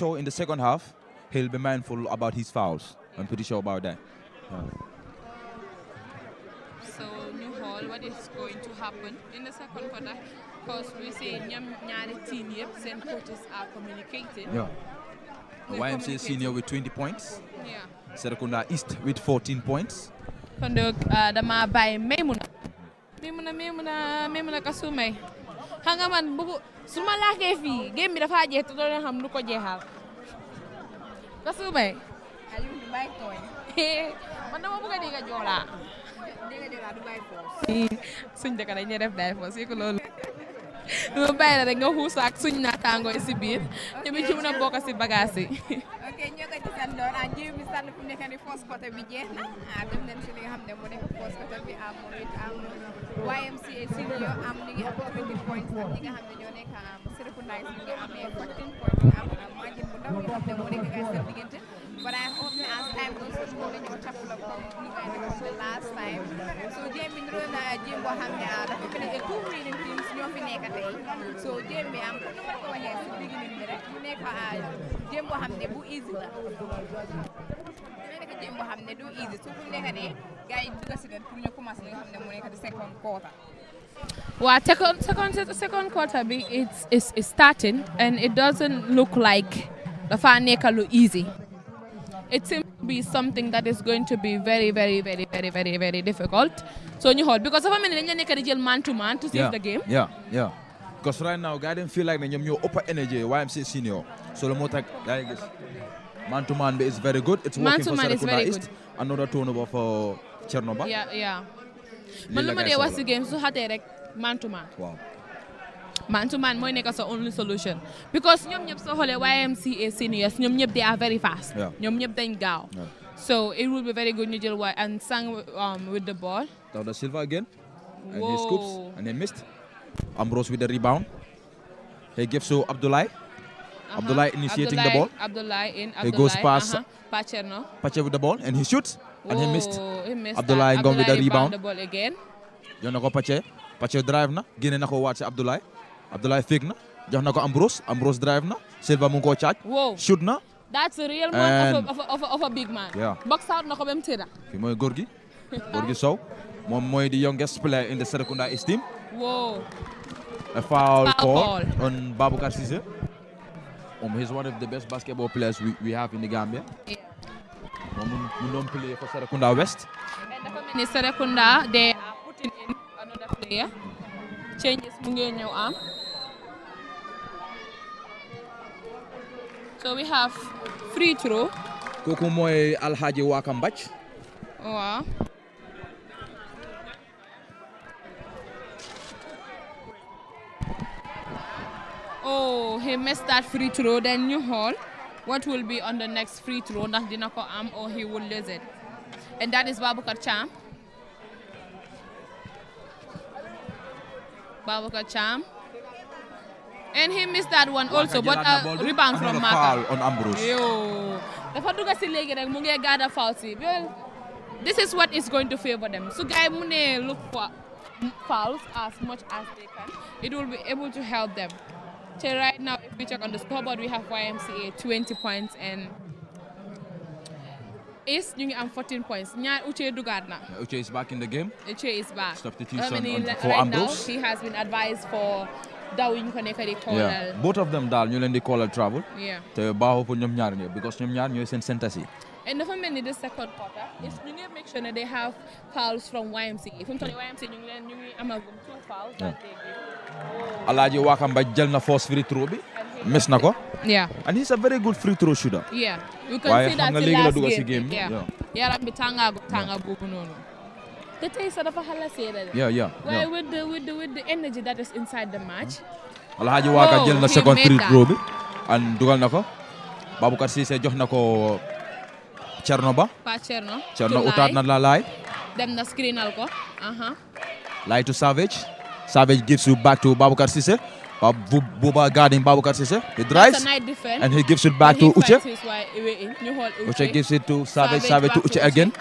sure in the second half he'll be mindful about his fouls. I'm pretty sure about that. Yeah. So New Hall, what is going to happen in the second quarter? Because we see Nyari team, yep, and coaches are communicating. Yeah. YMCA senior with 20 points. Yeah. Serakunda East with 14 points. Kon donc euh, dama bàyyi Maymuna. Maymuna Maymuna Maymuna Kasumay. xam man bu su ma laakee fii game bi dafa jeex te doo leen xam lu ko jeexal ba su may. Aliou man dama bëgg a dégg joolaa. suñ dëkk dañ ñuy def day foos yëg loolu. lu bàyyi la rek nga xuusaak suñ naataangoo si biir te bi ci mën si bagage lan doon ah jiw bi sànni fu bi jeex na ah dem nañ li nga xam ne mu nekk foos am it am YMCA am ñu ngi ne ñoo nekk am Serekunda ñu ngi amee 14 points am margin bu ndaw yi ne moo nekk gàncax time doon suñ ko dañoo capula comme ni nga ne comme the last time so jéem bi niroon na jéem boo xam ne dafa fi nekk two winning teams ñoo fi nekk tey so jéem bi am comme ni ma ko waxee si beginning bi rek mu nekk jéem boo xam ne bu easy la jéem boo xam ne du easy su fu nekk ne gars yi dugg si leen pour ñu commencer li nga xam ne mu nekk di second quarter Well, second, second, second quarter be it's, it's, it's starting and it doesn't look like the far neck look easy. It seems be something that is going to be very very very very very very difficult so you hold because if I'm in la nekk man to man to save the game yeah yeah because right now guys don't feel like ne ñoom your upper energy Why senior so saying senior? So gars yi gis man to man is very good it's working for Serekunda East another turnover for Chernobyl yeah yeah man lu game So xatee man to man man to man mooy nekk sa only solution because ñoom ñëpp so xoolee YMCA seniors ñoom ñëpp they are very fast ñoom ñëpp dañ gaaw so it would be very good ñu jël waay and sang um, with the ball Dauda Silva again and Whoa. he scoops and he missed Ambrose with the rebound he gives to Abdullah. uh -huh. initiating the ball. Abdullah in. he goes past uh -huh. Pacherno. Pacher with the ball and he shoots. Whoa, and he missed. He missed gone with the rebound. the ball again. Jonako Pacher. Pacher drive na. Gine ko watch Abdullah. Abdoulaye féeg na jox na ko Ambrose Ambrose drive na Silva mu ngi koo shoot na. that's a real man of a, big man. box out na ko ba mu tëdda. fi mooy góor Sow moom mooy di youngest player in the Serekunda East team. foul, call on Baboucar Cissé. Um, he's one of the best basketball players we, we have the Gambia. Yeah. Um, we don't Am. So we have free throw. kooku mooy Alhaji Waaka oh he missed that free throw then you hold. what will be on the next free throw ndax dina ko am or he will lose it and that is Baboucarr Cham. Baboucarr Cham. And he missed that one also, but a uh, rebound from Maka. foul on Ambrose. Yo. foul This is what is going to favor them. So guys, look for fouls as much as they can. It will be able to help them. So right now if we check on the scoreboard we have YMCA 20 points and Ace ñu am 14 points Uche dugaat Uche is back in the game. Uche is back. Substitution on, for right Ambrose. Now, he has been advised for daw ñu ko nekk di koolal both of them daal ñu leen di koolal travel yeah. te baaxoo pour ñoom ñaar ñëpp because ñoom ñaar ñooy seen synthèse And the family in the second quarter, it's, you need to make sure that they have fouls from YMC YMCA. E. From Tony YMCA, you e, need to have two fouls yeah. that they give. Alaji Wakamba jël na force free throw bi. Miss na ko. Yeah. And he's a very good free throw shooter. Yeah. You can Why, see that the last game. game. Yeah. Yeah, yeah. tanga tanga bobu nono. The taste of a halasera. Yeah, yeah. Why yeah. with the with the with energy that is jël na second free throw bi and dugal na ko Baboucar Cissé jox na ko Cerno Ba. Pa Cerno. Cerno utaat na la laay. dem na screenal ko. Laay to Savage. Savage gives you back to Baboucar Cissé. Bab Buba guarding Baboucar Cissé. He drives and he gives it back and to again.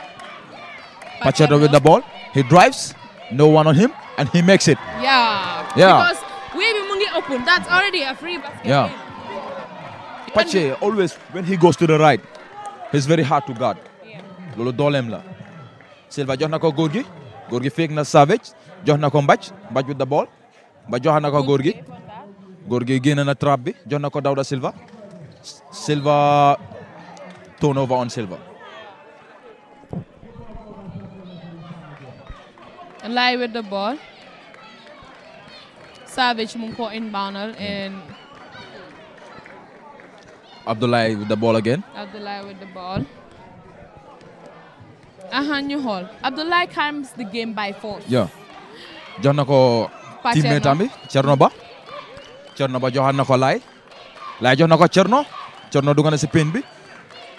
Pacherno with the ball. He drives. No one on him. and he makes it. Yeah. Yeah. Because we be mungi open. That's already a free basket. Yeah. Pache always when he goes to the right, he's very hard to guard. Lolo dooleem la Silva jox na ko gorgi, gorgi góor na Savage jox na ko Mbaj Mbaj with the ball but johanna ko gorgi, gorgi góor gi na trap bi na ko dauda Silva Silva turnover on Silva lay with the ball. Savage Munko inbounder and Abdullah with the ball again. Abdullah with the ball. Ahanyu Hall. Abdullah na ko teammate am bi Cerno Ba Cerno Ba joxaat na ko Laay Laay jox na ko Cerno Cerno dugal na si paint bi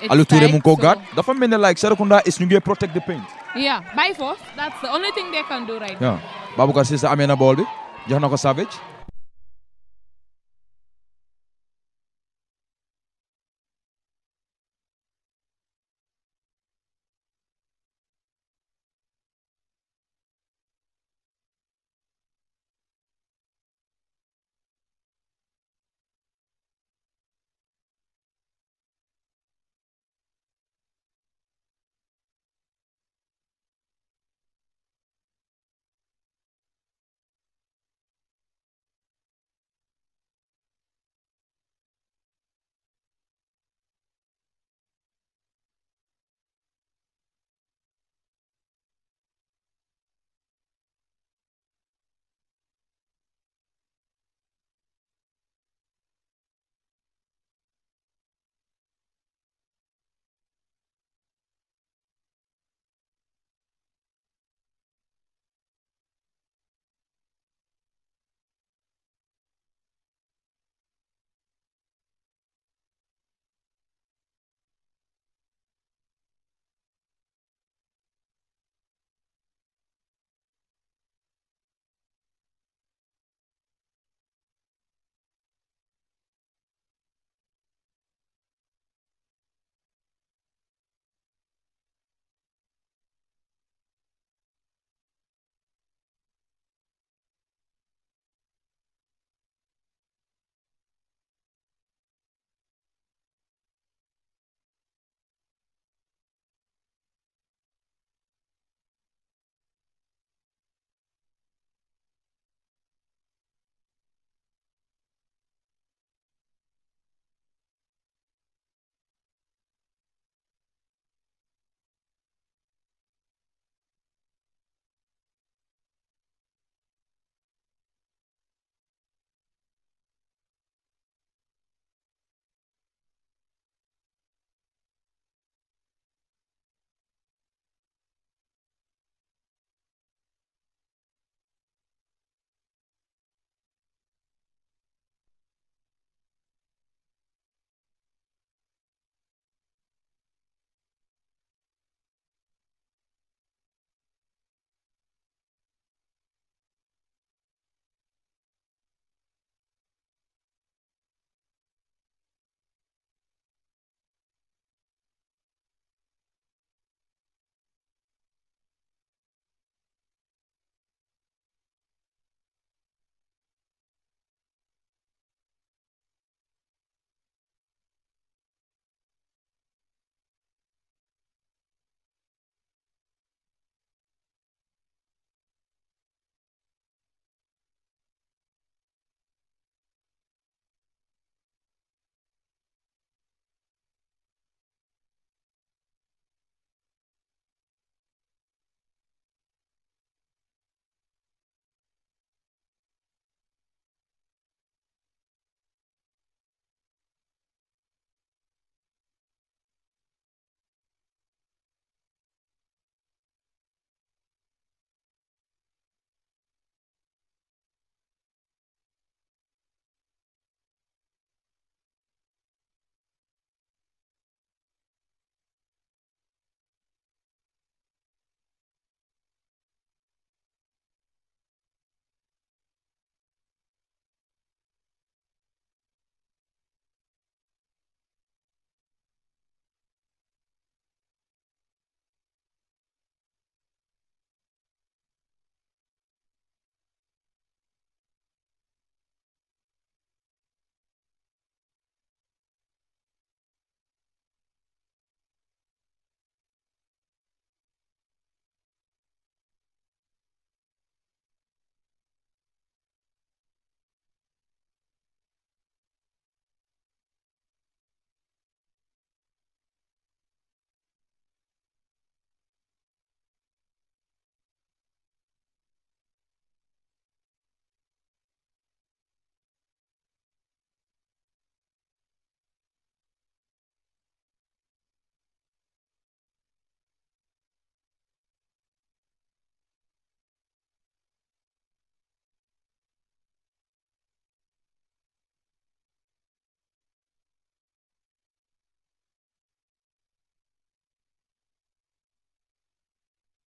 Aliou Touré mu koo gaat dafa mel ne like Serekunda is ñu ngee protect the paint yeah by force that's the only thing they can do right yeah Baboucar Cissé amee na bool bi jox na Savage